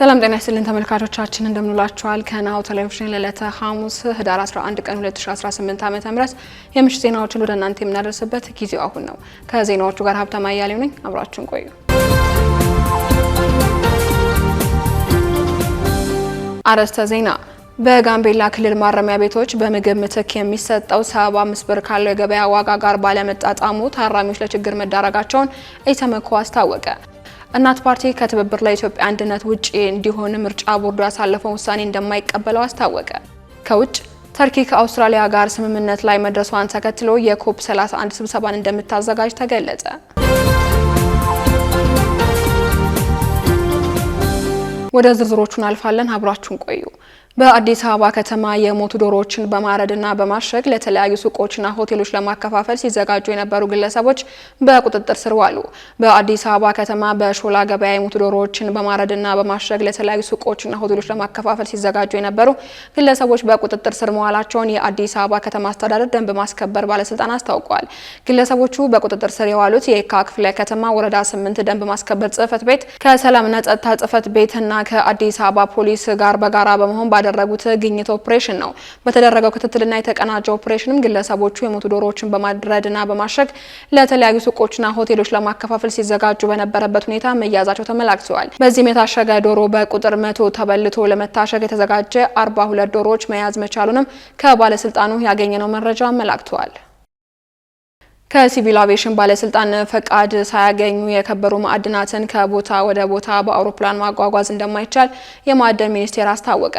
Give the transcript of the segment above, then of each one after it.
ሰላም ጤና ይስጥልን ተመልካቾቻችን፣ እንደምንላችኋል። ከናሁ ቴሌቪዥን ለዕለተ ሐሙስ ህዳር 11 ቀን 2018 ዓ.ም የምሽት ዜናዎችን ወደ እናንተ የምናደርስበት ጊዜው አሁን ነው። ከዜናዎቹ ጋር ሀብታማ አያሌው ነኝ። አብራችሁን ቆዩ። አርዕስተ ዜና በጋምቤላ ክልል ማረሚያ ቤቶች በምግብ ምትክ የሚሰጠው 75 ብር ካለው የገበያ ዋጋ ጋር ባለመጣጣሙ ታራሚዎች ለችግር መዳረጋቸውን ኢሰመኮ አስታወቀ። እናት ፓርቲ ከትብብር ለኢትዮጵያ አንድነት ውጪ እንዲሆን ምርጫ ቦርዱ ያሳለፈው ውሳኔ እንደማይቀበለው አስታወቀ። ከውጭ ተርኪ ከአውስትራሊያ ጋር ስምምነት ላይ መድረሷን ተከትሎ የኮፕ 31 ስብሰባን እንደምታዘጋጅ ተገለጸ። ወደ ዝርዝሮቹ እናልፋለን። አብራችሁን ቆዩ። በአዲስ አበባ ከተማ የሞቱ ዶሮዎችን በማረድና በማሸግ ለተለያዩ ሱቆችና ሆቴሎች ለማከፋፈል ሲዘጋጁ የነበሩ ግለሰቦች በቁጥጥር ስር ዋሉ። በአዲስ አበባ ከተማ በሾላ ገበያ የሞቱ ዶሮዎችን በማረድና በማሸግ ለተለያዩ ሱቆችና ሆቴሎች ለማከፋፈል ሲዘጋጁ የነበሩ ግለሰቦች በቁጥጥር ስር መዋላቸውን የአዲስ አበባ ከተማ አስተዳደር ደንብ ማስከበር ባለስልጣን አስታውቋል። ግለሰቦቹ በቁጥጥር ስር የዋሉት የካ ክፍለ ከተማ ወረዳ ስምንት ደንብ ማስከበር ጽህፈት ቤት ከሰላምና ጸጥታ ጽህፈት ቤትና ከአዲስ አበባ ፖሊስ ጋር በጋራ በመሆን ያደረጉት ግኝት ኦፕሬሽን ነው። በተደረገው ክትትልና የተቀናጀ ኦፕሬሽንም ግለሰቦቹ የሞቱ ዶሮዎችን በማድረድና በማሸግ ለተለያዩ ሱቆችና ሆቴሎች ለማከፋፈል ሲዘጋጁ በነበረበት ሁኔታ መያዛቸው ተመላክተዋል። በዚህም የታሸገ ዶሮ በቁጥር መቶ ተበልቶ ለመታሸግ የተዘጋጀ አርባ ሁለት ዶሮዎች መያዝ መቻሉንም ከባለስልጣኑ ያገኘነው መረጃ አመላክተዋል። ከሲቪል አቪዬሽን ባለስልጣን ፈቃድ ሳያገኙ የከበሩ ማዕድናትን ከቦታ ወደ ቦታ በአውሮፕላን ማጓጓዝ እንደማይቻል የማዕድን ሚኒስቴር አስታወቀ።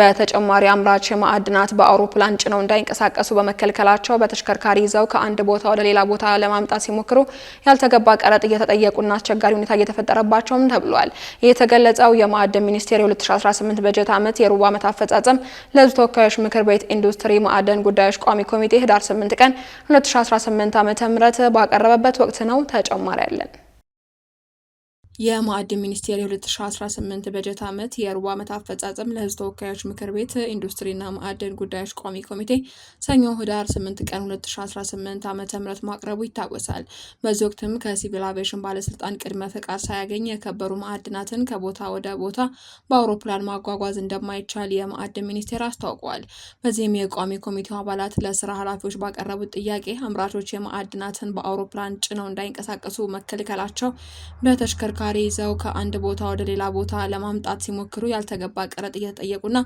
በተጨማሪ አምራች ማዕድናት በአውሮፕላን ጭነው እንዳይንቀሳቀሱ በመከልከላቸው በተሽከርካሪ ይዘው ከአንድ ቦታ ወደ ሌላ ቦታ ለማምጣት ሲሞክሩ ያልተገባ ቀረጥ እየተጠየቁና አስቸጋሪ ሁኔታ እየተፈጠረባቸውም ተብሏል። የተገለጸው የማዕድን ሚኒስቴር የ2018 በጀት ዓመት የሩብ ዓመት አፈጻጸም ለሕዝብ ተወካዮች ምክር ቤት ኢንዱስትሪ ማዕድን ጉዳዮች ቋሚ ኮሚቴ ህዳር 8 ቀን 2018 ዓ ዓመተ ምህረት ባቀረበበት ወቅት ነው። ተጨማሪ ያለን የማዕድን ሚኒስቴር የ2018 በጀት ዓመት የሩብ ዓመት አፈጻጸም ለሕዝብ ተወካዮች ምክር ቤት ኢንዱስትሪና ማዕድን ጉዳዮች ቋሚ ኮሚቴ ሰኞ ህዳር 8 ቀን 2018 ዓ ም ማቅረቡ ይታወሳል። በዚህ ወቅትም ከሲቪል አቪዬሽን ባለስልጣን ቅድመ ፈቃድ ሳያገኝ የከበሩ ማዕድናትን ከቦታ ወደ ቦታ በአውሮፕላን ማጓጓዝ እንደማይቻል የማዕድን ሚኒስቴር አስታውቋል። በዚህም የቋሚ ኮሚቴው አባላት ለስራ ኃላፊዎች ባቀረቡት ጥያቄ አምራቾች የማዕድናትን በአውሮፕላን ጭነው እንዳይንቀሳቀሱ መከልከላቸው በተሽከርካ ተሽከርካሪ ይዘው ከአንድ ቦታ ወደ ሌላ ቦታ ለማምጣት ሲሞክሩ ያልተገባ ቀረጥ እየተጠየቁና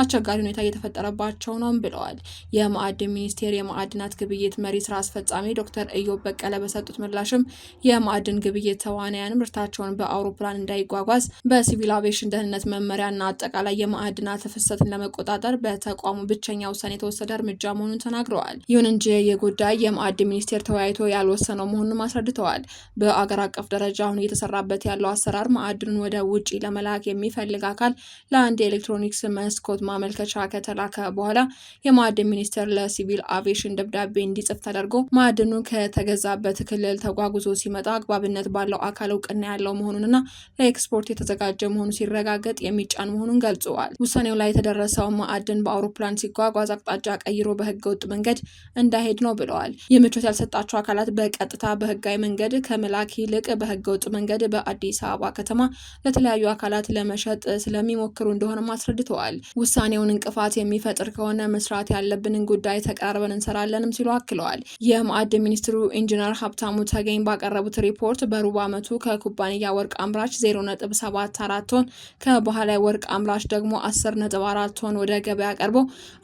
አስቸጋሪ ሁኔታ እየተፈጠረባቸው ነው ብለዋል። የማዕድን ሚኒስቴር የማዕድናት ግብይት መሪ ስራ አስፈጻሚ ዶክተር እዮብ በቀለ በሰጡት ምላሽም የማዕድን ግብይት ተዋናያን ምርታቸውን በአውሮፕላን እንዳይጓጓዝ በሲቪል አቬሽን ደህንነት መመሪያና አጠቃላይ የማዕድናት ፍሰትን ለመቆጣጠር በተቋሙ ብቸኛ ውሳኔ የተወሰደ እርምጃ መሆኑን ተናግረዋል። ይሁን እንጂ የጉዳይ ጉዳይ የማዕድን ሚኒስቴር ተወያይቶ ያልወሰነው መሆኑንም አስረድተዋል። በአገር አቀፍ ደረጃ አሁን እየተሰራበት ያለው አሰራር ማዕድኑን ወደ ውጪ ለመላክ የሚፈልግ አካል ለአንድ የኤሌክትሮኒክስ መስኮት ማመልከቻ ከተላከ በኋላ የማዕድን ሚኒስቴር ለሲቪል አቪዬሽን ደብዳቤ እንዲጽፍ ተደርጎ ማዕድኑ ከተገዛበት ክልል ተጓጉዞ ሲመጣ አግባብነት ባለው አካል እውቅና ያለው መሆኑንና ለኤክስፖርት የተዘጋጀ መሆኑ ሲረጋገጥ የሚጫን መሆኑን ገልጸዋል። ውሳኔው ላይ የተደረሰው ማዕድን በአውሮፕላን ሲጓጓዝ አቅጣጫ ቀይሮ በህገ ወጥ መንገድ እንዳይሄድ ነው ብለዋል። ይህ ምቾት ያልሰጣቸው አካላት በቀጥታ በህጋዊ መንገድ ከመላክ ይልቅ በህገ ወጥ መንገድ በአ በአዲስ አበባ ከተማ ለተለያዩ አካላት ለመሸጥ ስለሚሞክሩ እንደሆነም አስረድተዋል። ውሳኔውን እንቅፋት የሚፈጥር ከሆነ መስራት ያለብንን ጉዳይ ተቀራርበን እንሰራለንም ሲሉ አክለዋል። የማዕድ ሚኒስትሩ ኢንጂነር ሀብታሙ ተገኝ ባቀረቡት ሪፖርት በሩብ ዓመቱ ከኩባንያ ወርቅ አምራች 0.74 ቶን ከባህላዊ ወርቅ አምራች ደግሞ 10.4 ቶን ወደ ገበያ ቀርቦ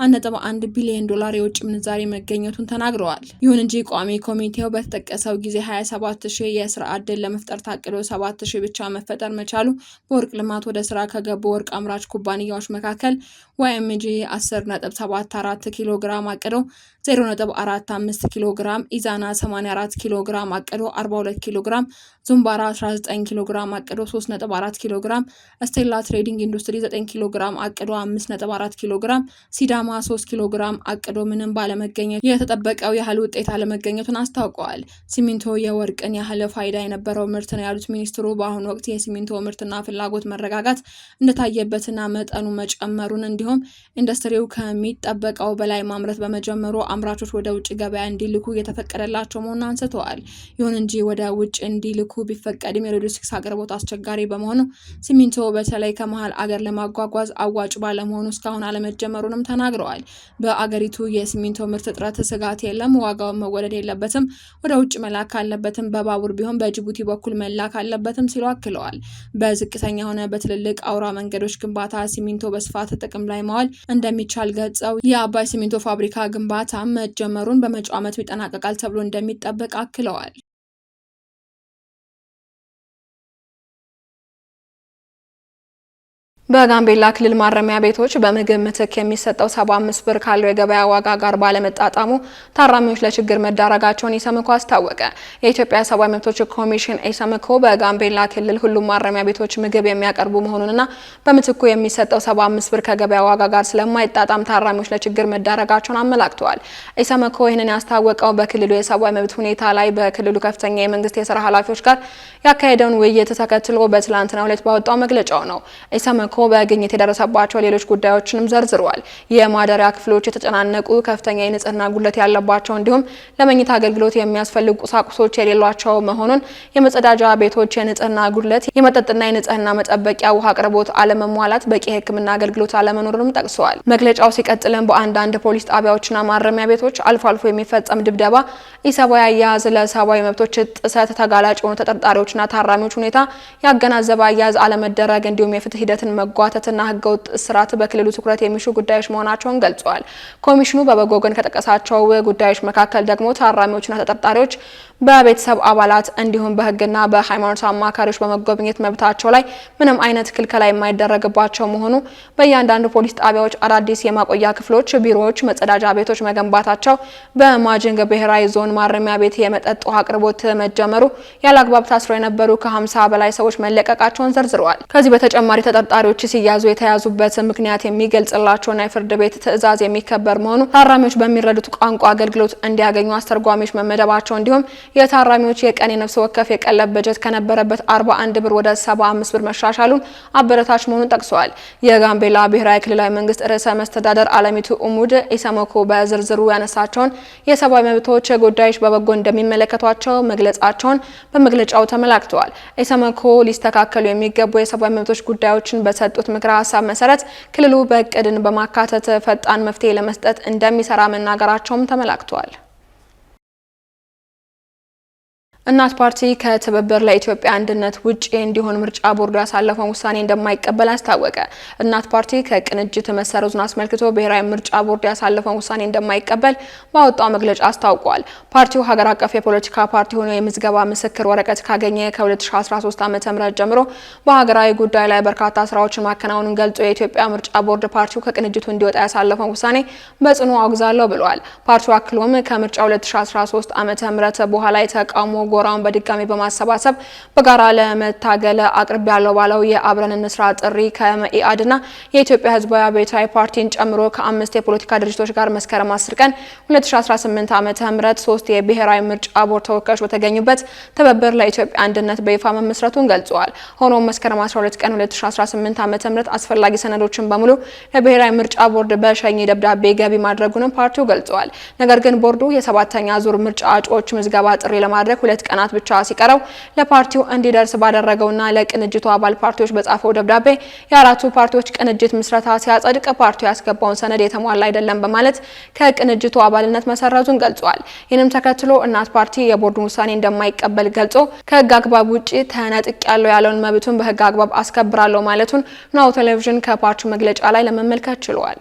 1.1 ቢሊዮን ዶላር የውጭ ምንዛሬ መገኘቱን ተናግረዋል። ይሁን እንጂ ቋሚ ኮሚቴው በተጠቀሰው ጊዜ 27 ሺህ የስራ ዕድል ለመፍጠር ታቅዶ 7 አራት ሺህ ብቻ መፈጠር መቻሉ በወርቅ ልማት ወደ ስራ ከገቡ ወርቅ አምራች ኩባንያዎች መካከል ዋይኤምጂ 10.74 ኪሎ ግራም አቅዶ 0.45 ኪሎ ግራም፣ ኢዛና 84 ኪሎ ግራም አቅዶ 42 ኪሎ ግራም፣ ዙምባራ 19 ኪሎ ግራም አቅዶ 3.4 ኪሎ ግራም፣ ስቴላ ትሬዲንግ ኢንዱስትሪ 9 ኪሎ ግራም አቅዶ 5.4 ኪሎ ግራም፣ ሲዳማ 3 ኪሎ ግራም አቅዶ ምንም ባለመገኘት የተጠበቀው ያህል ውጤት አለመገኘቱን አስታውቀዋል። ሲሚንቶ የወርቅን ያህል ፋይዳ የነበረው ምርት ነው ያሉት ሚኒስትሩ በአሁኑ ወቅት የሲሚንቶ ምርትና ፍላጎት መረጋጋት እንደታየበትና መጠኑ መጨመሩን እንዲሁም ኢንዱስትሪው ከሚጠበቀው በላይ ማምረት በመጀመሩ አምራቾች ወደ ውጭ ገበያ እንዲልኩ እየተፈቀደላቸው መሆኑን አንስተዋል። ይሁን እንጂ ወደ ውጭ እንዲልኩ መልኩ ቢፈቀድም የሎጂስቲክስ አቅርቦት አስቸጋሪ በመሆኑ ሲሚንቶ በተለይ ከመሀል አገር ለማጓጓዝ አዋጭ ባለመሆኑ እስካሁን አለመጀመሩንም ተናግረዋል። በአገሪቱ የሲሚንቶ ምርት እጥረት ስጋት የለም፣ ዋጋው መወደድ የለበትም፣ ወደ ውጭ መላክ አለበትም፣ በባቡር ቢሆን በጅቡቲ በኩል መላክ አለበትም ሲሉ አክለዋል። በዝቅተኛ ሆነ በትልልቅ አውራ መንገዶች ግንባታ ሲሚንቶ በስፋት ጥቅም ላይ መዋል እንደሚቻል ገልጸው የአባይ ሲሚንቶ ፋብሪካ ግንባታ መጀመሩን በመጪው ዓመት ይጠናቀቃል ተብሎ እንደሚጠበቅ አክለዋል። በጋምቤላ ክልል ማረሚያ ቤቶች በምግብ ምትክ የሚሰጠው 75 ብር ካለው የገበያ ዋጋ ጋር ባለመጣጣሙ ታራሚዎች ለችግር መዳረጋቸውን ኢሰመኮ አስታወቀ። የኢትዮጵያ ሰብአዊ መብቶች ኮሚሽን ኢሰመኮ በጋምቤላ ክልል ሁሉም ማረሚያ ቤቶች ምግብ የሚያቀርቡ መሆኑንና በምትኩ የሚሰጠው 75 ብር ከገበያ ዋጋ ጋር ስለማይጣጣም ታራሚዎች ለችግር መዳረጋቸውን አመላክተዋል። ኢሰመኮ ይህንን ያስታወቀው በክልሉ የሰብአዊ መብት ሁኔታ ላይ በክልሉ ከፍተኛ የመንግስት የስራ ኃላፊዎች ጋር ያካሄደውን ውይይት ተከትሎ በትላንትናው ዕለት ባወጣው መግለጫው ነው። ኢሰመኮ በግኝ የደረሰባቸው ሌሎች ጉዳዮችንም ዘርዝረዋል። የማደሪያ ክፍሎች የተጨናነቁ፣ ከፍተኛ የንጽህና ጉድለት ያለባቸው እንዲሁም ለመኝታ አገልግሎት የሚያስፈልጉ ቁሳቁሶች የሌሏቸው መሆኑን፣ የመጸዳጃ ቤቶች የንጽህና ጉድለት፣ የመጠጥና የንጽህና መጠበቂያ ውሃ አቅርቦት አለመሟላት፣ በቂ ህክምና አገልግሎት አለመኖሩንም ጠቅሰዋል። መግለጫው ሲቀጥልም በአንዳንድ ፖሊስ ጣቢያዎችና ማረሚያ ቤቶች አልፎ አልፎ የሚፈጸም ድብደባ፣ ኢሰብአዊ አያያዝ፣ ለሰብአዊ መብቶች ጥሰት ተጋላጭ የሆኑ ተጠርጣሪዎችና ታራሚዎች ሁኔታ ያገናዘበ አያያዝ አለመደረግ እንዲሁም የፍትህ ሂደትን መ መጓተትና ህገወጥ ስርዓት በክልሉ ትኩረት የሚሹ ጉዳዮች መሆናቸውን ገልጿል። ኮሚሽኑ በበጎ ጎን ከጠቀሳቸው ጉዳዮች መካከል ደግሞ ታራሚዎችና ተጠርጣሪዎች በቤተሰብ አባላት እንዲሁም በህግና በሃይማኖት አማካሪዎች በመጎብኘት መብታቸው ላይ ምንም አይነት ክልከላ የማይደረግባቸው መሆኑ፣ በእያንዳንዱ ፖሊስ ጣቢያዎች አዳዲስ የማቆያ ክፍሎች፣ ቢሮዎች፣ መጸዳጃ ቤቶች መገንባታቸው፣ በማጅንግ ብሔራዊ ዞን ማረሚያ ቤት የመጠጥ ውሃ አቅርቦት መጀመሩ፣ ያለ አግባብ ታስረው የነበሩ ከ50 በላይ ሰዎች መለቀቃቸውን ዘርዝረዋል። ከዚህ በተጨማሪ ተጠርጣሪዎች ታራሚዎች ሲያዙ የተያዙበት ምክንያት የሚገልጽላቸውና የፍርድ ቤት ትዕዛዝ የሚከበር መሆኑ ታራሚዎች በሚረዱት ቋንቋ አገልግሎት እንዲያገኙ አስተርጓሚዎች መመደባቸው እንዲሁም የታራሚዎች የቀን የነፍስ ወከፍ የቀለብ በጀት ከነበረበት 41 ብር ወደ 75 ብር መሻሻሉን አበረታች መሆኑን ጠቅሰዋል። የጋምቤላ ብሔራዊ ክልላዊ መንግስት ርዕሰ መስተዳደር አለሚቱ ኡሙድ ኢሰመኮ በዝርዝሩ ያነሳቸውን የሰብአዊ መብቶች ጉዳዮች በበጎ እንደሚመለከቷቸው መግለጻቸውን በመግለጫው ተመላክተዋል። ኢሰመኮ ሊስተካከሉ የሚገቡ የሰብአዊ መብቶች ጉዳዮችን በሰ በሰጡት ምክረ ሀሳብ መሰረት ክልሉ በእቅድን በማካተት ፈጣን መፍትሄ ለመስጠት እንደሚሰራ መናገራቸውም ተመላክቷል። እናት ፓርቲ ከትብብር ለኢትዮጵያ አንድነት ውጪ እንዲሆን ምርጫ ቦርዱ ያሳለፈውን ውሳኔ እንደማይቀበል አስታወቀ። እናት ፓርቲ ከቅንጅት መሰረዙን አስመልክቶ ብሔራዊ ምርጫ ቦርድ ያሳለፈውን ውሳኔ እንደማይቀበል ባወጣው መግለጫ አስታውቋል። ፓርቲው ሀገር አቀፍ የፖለቲካ ፓርቲ ሆኖ የምዝገባ ምስክር ወረቀት ካገኘ ከ2013 ዓ.ም ጀምሮ በሀገራዊ ጉዳይ ላይ በርካታ ስራዎችን ማከናወኑን ገልጾ የኢትዮጵያ ምርጫ ቦርድ ፓርቲው ከቅንጅቱ እንዲወጣ ያሳለፈውን ውሳኔ በጽኑ አውግዛለሁ ብለዋል። ፓርቲው አክሎም ከምርጫ 2013 ዓ.ም በኋላ የተቃውሞ ጎራውን በድጋሚ በማሰባሰብ በጋራ ለመታገል አቅርብ ያለው ባለው የአብረን እንስራ ጥሪ ከመኢአድና የኢትዮጵያ ህዝባዊ አብዮታዊ ፓርቲን ጨምሮ ከአምስት የፖለቲካ ድርጅቶች ጋር መስከረም 10 ቀን 2018 ም ሶስት የብሔራዊ ምርጫ ቦርድ ተወካዮች በተገኙበት ትብብር ለኢትዮጵያ አንድነት በይፋ መመስረቱን ገልጸዋል። ሆኖም መስከረም 12 ቀን 2018 ዓ.ም አስፈላጊ ሰነዶችን በሙሉ ለብሔራዊ ምርጫ ቦርድ በሸኝ ደብዳቤ ገቢ ማድረጉንም ፓርቲው ገልጸዋል። ነገር ግን ቦርዱ የሰባተኛ ዙር ምርጫ እጩዎች ምዝገባ ጥሪ ለማድረግ ሁለት ሁለት ቀናት ብቻ ሲቀረው ለፓርቲው እንዲደርስ ባደረገውና ለቅንጅቱ አባል ፓርቲዎች በጻፈው ደብዳቤ የአራቱ ፓርቲዎች ቅንጅት ምስረታ ሲያጸድቅ ፓርቲው ያስገባውን ሰነድ የተሟላ አይደለም በማለት ከቅንጅቱ አባልነት መሰረዙን ገልጿል። ይህንም ተከትሎ እናት ፓርቲ የቦርዱን ውሳኔ እንደማይቀበል ገልጾ ከህግ አግባብ ውጭ ተነጥቅ ያለው ያለውን መብቱን በህግ አግባብ አስከብራለሁ ማለቱን ናሁ ቴሌቪዥን ከፓርቲው መግለጫ ላይ ለመመልከት ችሏል።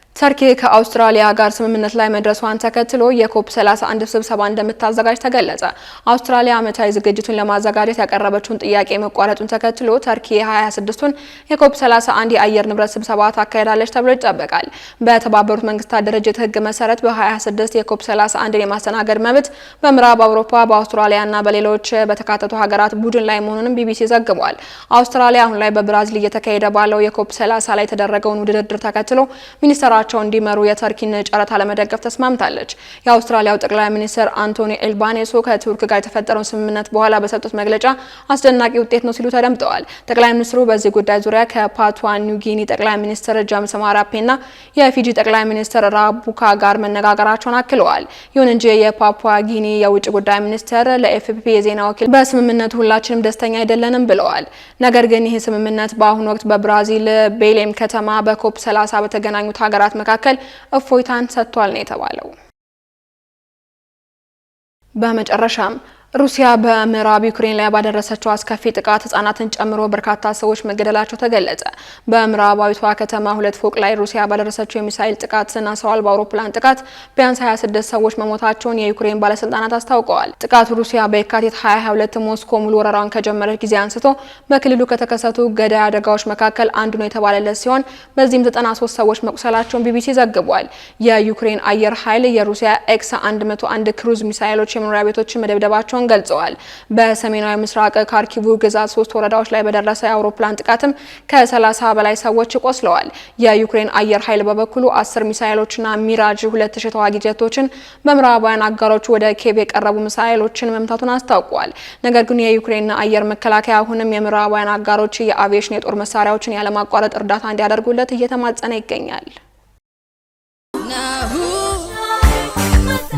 ተርኪ ከአውስትራሊያ ጋር ስምምነት ላይ መድረሷን ተከትሎ የኮፕ 31 ስብሰባ እንደምታዘጋጅ ተገለጸ። አውስትራሊያ ዓመታዊ ዝግጅቱን ለማዘጋጀት ያቀረበችውን ጥያቄ መቋረጡን ተከትሎ ተርኪ የ26ቱን የኮፕ 31 የአየር ንብረት ስብሰባ ታካሄዳለች ተብሎ ይጠበቃል። በተባበሩት መንግስታት ድርጅት ሕግ መሰረት በ26 የኮፕ 31ን የማስተናገድ መብት በምዕራብ አውሮፓ በአውስትራሊያና በሌሎች በተካተቱ ሀገራት ቡድን ላይ መሆኑንም ቢቢሲ ዘግቧል። አውስትራሊያ አሁን ላይ በብራዚል እየተካሄደ ባለው የኮፕ 30 ላይ የተደረገውን ውድድር ተከትሎ ሚኒስተራቸው ሀገራቸው እንዲመሩ የተርኪን ጨረታ ለመደገፍ ተስማምታለች። የአውስትራሊያው ጠቅላይ ሚኒስትር አንቶኒ ኤልባኔሶ ከቱርክ ጋር የተፈጠረውን ስምምነት በኋላ በሰጡት መግለጫ አስደናቂ ውጤት ነው ሲሉ ተደምጠዋል። ጠቅላይ ሚኒስትሩ በዚህ ጉዳይ ዙሪያ ከፓቷ ኒውጊኒ ጠቅላይ ሚኒስትር ጃምስ ማራፔና የፊጂ ጠቅላይ ሚኒስትር ራቡካ ጋር መነጋገራቸውን አክለዋል። ይሁን እንጂ የፓፑዋ ጊኒ የውጭ ጉዳይ ሚኒስትር ለኤፍፒፒ የዜና ወኪል በስምምነቱ ሁላችንም ደስተኛ አይደለንም ብለዋል። ነገር ግን ይህ ስምምነት በአሁኑ ወቅት በብራዚል ቤሌም ከተማ በኮፕ ሰላሳ በተገናኙት ሀገራት አካላት መካከል እፎይታን ሰጥቷል ነው የተባለው። በመጨረሻም ሩሲያ በምዕራብ ዩክሬን ላይ ባደረሰችው አስከፊ ጥቃት ህጻናትን ጨምሮ በርካታ ሰዎች መገደላቸው ተገለጸ። በምዕራባዊቷ ከተማ ሁለት ፎቅ ላይ ሩሲያ ባደረሰችው የሚሳኤል ጥቃትን አስዋል በአውሮፕላን ጥቃት ቢያንስ 26 ሰዎች መሞታቸውን የዩክሬን ባለስልጣናት አስታውቀዋል። ጥቃቱ ሩሲያ በየካቲት 2022 ሞስኮ ሙሉ ወረራውን ከጀመረች ጊዜ አንስቶ በክልሉ ከተከሰቱ ገዳይ አደጋዎች መካከል አንዱ ነው የተባለለት ሲሆን በዚህም 93 ሰዎች መቁሰላቸውን ቢቢሲ ዘግቧል። የዩክሬን አየር ኃይል የሩሲያ ኤክስ 101 ክሩዝ ሚሳኤሎች የመኖሪያ ቤቶችን መደብደባቸውን መሆናቸውን ገልጸዋል። በሰሜናዊ ምስራቅ ካርኪቡ ግዛት ሶስት ወረዳዎች ላይ በደረሰ የአውሮፕላን ጥቃትም ከ30 በላይ ሰዎች ቆስለዋል። የዩክሬን አየር ኃይል በበኩሉ አስር ሚሳይሎችና ሚራጅ ሁለት ሺ ተዋጊ ጀቶችን በምዕራባውያን አጋሮች ወደ ኬብ የቀረቡ ሚሳይሎችን መምታቱን አስታውቋል። ነገር ግን የዩክሬን አየር መከላከያ አሁንም የምዕራባውያን አጋሮች የአቪዬሽን የጦር መሳሪያዎችን ያለማቋረጥ እርዳታ እንዲያደርጉለት እየተማጸነ ይገኛል።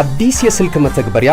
አዲስ የስልክ መተግበሪያ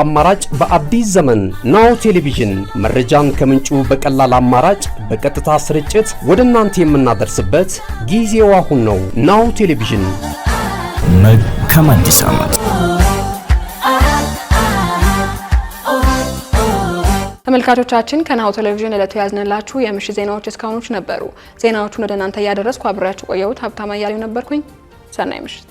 አማራጭ በአዲስ ዘመን ናው ቴሌቪዥን መረጃን ከምንጩ በቀላል አማራጭ በቀጥታ ስርጭት ወደ እናንተ የምናደርስበት ጊዜው አሁን ነው። ናው ቴሌቪዥን መልካም አዲስ ዓመት። ተመልካቾቻችን ከናሁ ቴሌቪዥን ዕለቱ ያዝንላችሁ የምሽት ዜናዎች እስካሁኖች ነበሩ። ዜናዎቹን ወደ እናንተ እያደረስኩ አብሬያችሁ ቆየሁት። ሀብታማ እያሌው ነበርኩኝ። ሰናይ ምሽት